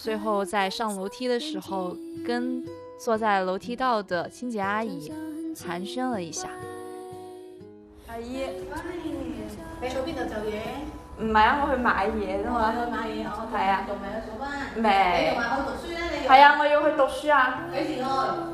最後在上樓梯的時候，跟坐在樓梯道的清潔阿姨寒暄了一下。阿姨，你做邊度做嘢？唔係、哦、啊，啊，我去買嘢，啫嘛。去買嘢好睇啊。仲未去上班？未。係啊，我要去讀書啊。幾時去？